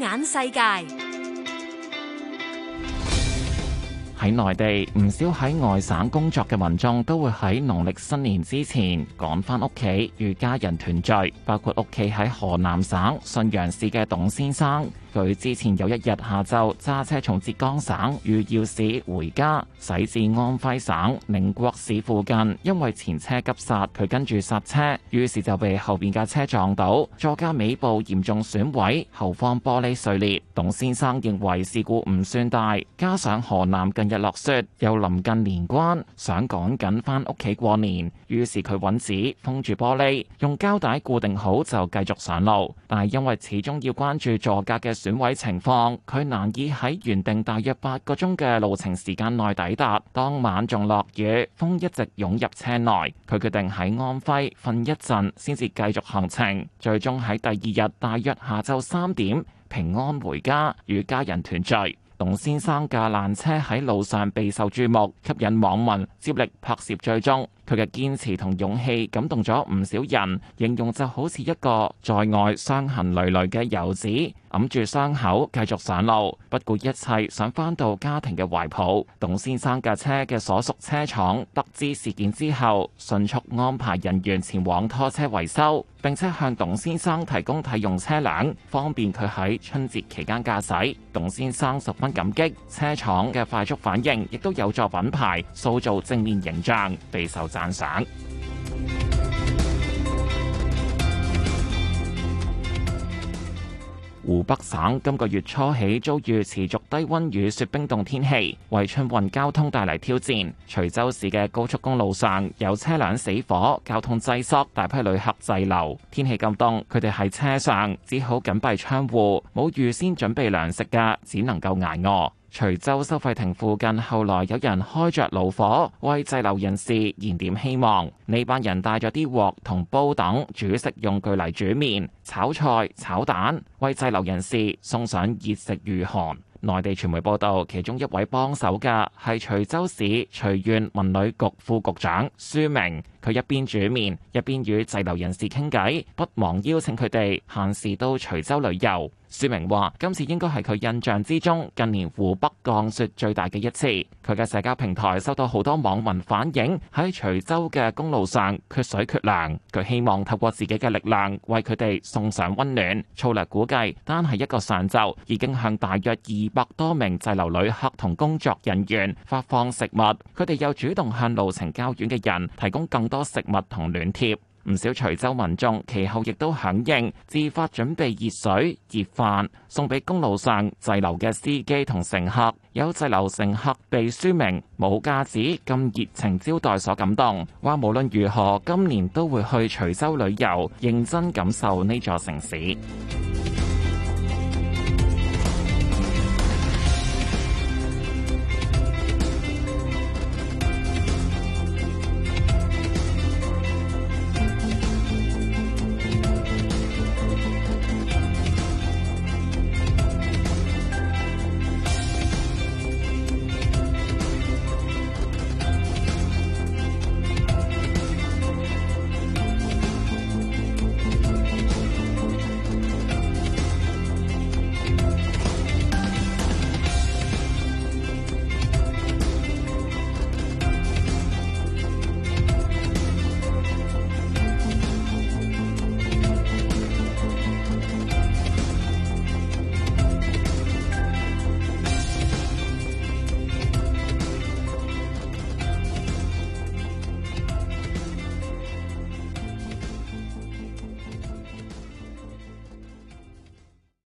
眼世界喺內地，唔少喺外省工作嘅民眾都會喺農曆新年之前趕返屋企與家人團聚，包括屋企喺河南省信陽市嘅董先生。佢之前有一日下晝揸車從浙江省餘姚市回家，駛至安徽省寧國市附近，因為前車急剎，佢跟住剎車，於是就被後邊架車撞到，座駕尾部嚴重損毀，後方玻璃碎裂。董先生認為事故唔算大，加上河南近日落雪，又臨近年關，想趕緊翻屋企過年，於是佢揾紙封住玻璃，用膠帶固定好就繼續上路。但係因為始終要關注座駕嘅。損毀情況，佢難以喺原定大約八個鐘嘅路程時間內抵達。當晚仲落雨，風一直湧入車內，佢決定喺安徽瞓一陣，先至繼續行程。最終喺第二日大約下晝三點平安回家，與家人團聚。董先生架爛車喺路上備受注目，吸引網民接力拍攝最終。佢嘅堅持同勇氣感動咗唔少人，形容就好似一個在外傷痕累累嘅遊子，揞住傷口繼續上路，不顧一切想翻到家庭嘅懷抱。董先生架車嘅所屬車廠得知事件之後，迅速安排人員前往拖車維修，並且向董先生提供替用車輛，方便佢喺春節期間駕駛。董先生十分感激車廠嘅快速反應，亦都有助品牌塑造正面形象，備受省湖北省今個月初起遭遇持續低温雨雪冰凍天氣，為春運交通帶嚟挑戰。隨州市嘅高速公路上有車輛死火，交通滯塞，大批旅客滯留。天氣咁凍，佢哋喺車上只好緊閉窗戶，冇預先準備糧食㗎，只能夠捱餓。徐州收費亭附近，後來有人開着爐火，為滯留人士燃點希望。呢班人帶咗啲鑊同煲等，煮食用具嚟煮麵、炒菜、炒蛋，為滯留人士送上熱食御寒。內地傳媒報道，其中一位幫手嘅係徐州市徐縣文旅局副局長舒明，佢一邊煮麵，一邊與滯留人士傾偈，不忘邀請佢哋閒時到徐州旅遊。薛明話，今次應該，係佢印象之中近年湖北降雪最大嘅一次。佢嘅社交平台收到好多網民反映喺徐州嘅公路上缺水缺糧，佢希望透過自己嘅力量為佢哋送上溫暖。粗略估計，單係一個上晝已經向大約二百多名滯留旅客同工作人員發放食物。佢哋又主動向路程較遠嘅人提供更多食物同暖貼。唔少徐州民眾，其後亦都響應，自發準備熱水、熱飯，送俾公路上滯留嘅司機同乘客。有滯留乘客被書名冇架子咁熱情招待所感動，話無論如何今年都會去徐州旅遊，認真感受呢座城市。